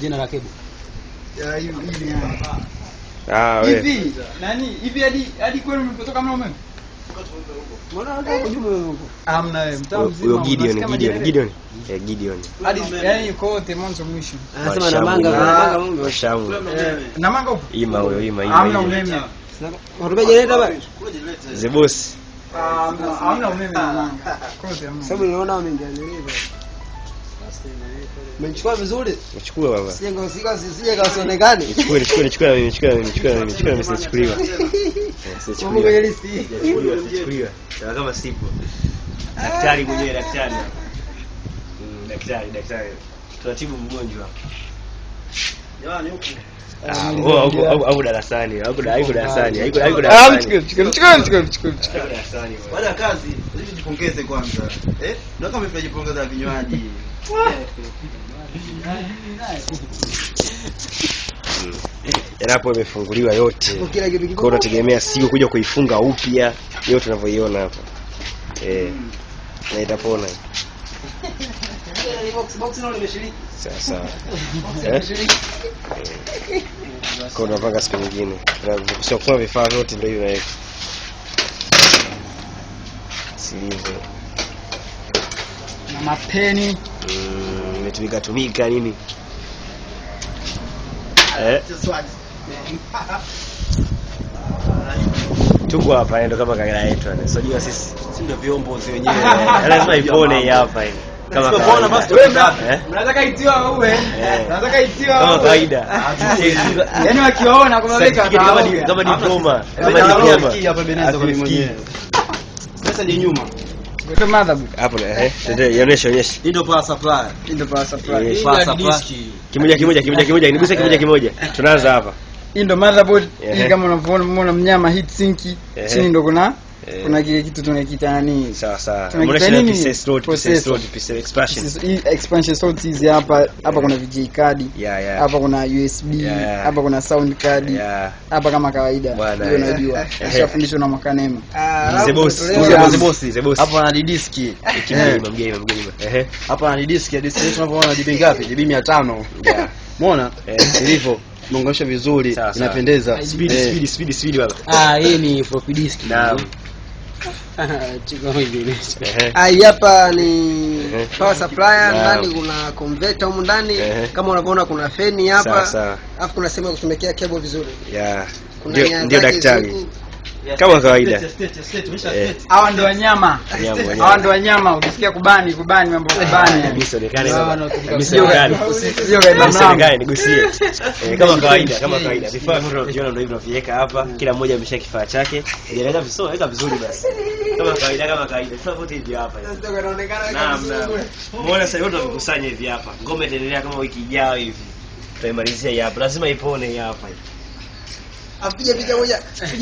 Jina la kebu ah, hivi nani? Hivi hadi hadi kwenu mlipotoka mna eh, eh, umeme? Umenichukua vizuri? Nichukue baba. Sije ngosika sije kasionekane. Nichukue nichukue nichukue mimi nichukue mimi nichukue mimi nichukue mimi sichukuliwa. Sichukuliwa. Sichukuliwa sichukuliwa. Sawa kama sipo. Daktari mwenyewe daktari. Mm, daktari daktari. Tunatibu mgonjwa au ah, ah, darasani eh? imefunguliwa yote, kwa unategemea siku kuja kuifunga upya yote unavyoiona hapa eh, na itapona Eh? Kwa unapanga siku nyingine sio vifaa vyote ndio hivyo hivyo silivyo na mapeni mm, imetumika tumika nini eh tuko hapa eh, ndo kama kaka yetu anasajua sisi si ndio viongozi wenyewe lazima ipone hapa hivi kama eh? eh. kama kawaida, yaani wakiwaona kama diploma sasa ni nyuma eh, kimoja kimoja kimoja Tunaanza hapa, hii ndo kama unavyoona, mnyama heat chini ndo kuna Eh, kuna kile kitu tunakiita nani? Sawa sawa. Tunakiita nini? Process road, process road, process expansion. Hii expansion slots hizi hapa hapa Kuna VGA card. Yeah, yeah. Hapa kuna USB, hapa Kuna sound card. Yeah. Hapa kama kawaida. Hiyo unajua. Ushafundishwa na Mwakanema. Ah, ze boss, ze boss, ze boss. Hapa na disk. Kimbe mgeni mgeni. Ehe. Hapa na disk, disk yetu tunapoona GB ngapi? GB 500. Yeah. Umeona? Eh. Ilivyo mongesha vizuri, inapendeza. Speed eh. speed speed speed baba. Ah, hii ni floppy disk. Naam. Hii hapa ni power supply ndani kuna converter huko ndani kama unavyoona, kuna feni hapa, alafu kuna sehemu ya kutumekea cable vizuri. Yeah, ndio daktari kama kawaida. Eh. Hawa ndio wanyama, hawa ndio wanyama. Ukisikia kubani kubani, mambo kubani eh, kabisa, kama kawaida, kama kawaida. Vifaa vyote unavyoviona ndio hivyo, naviweka hapa, kila mmoja amesha kifaa chake, naweka vizuri, naweka vizuri basi, kama kawaida, kama kawaida. Vifaa vyote hivi hapa, naam, naam. Muone sasa yote wamekusanya hivi hapa. Ngoma itaendelea kama wiki ijayo hivi, tutaimalizia hapa, lazima ipone hapa apige kawaida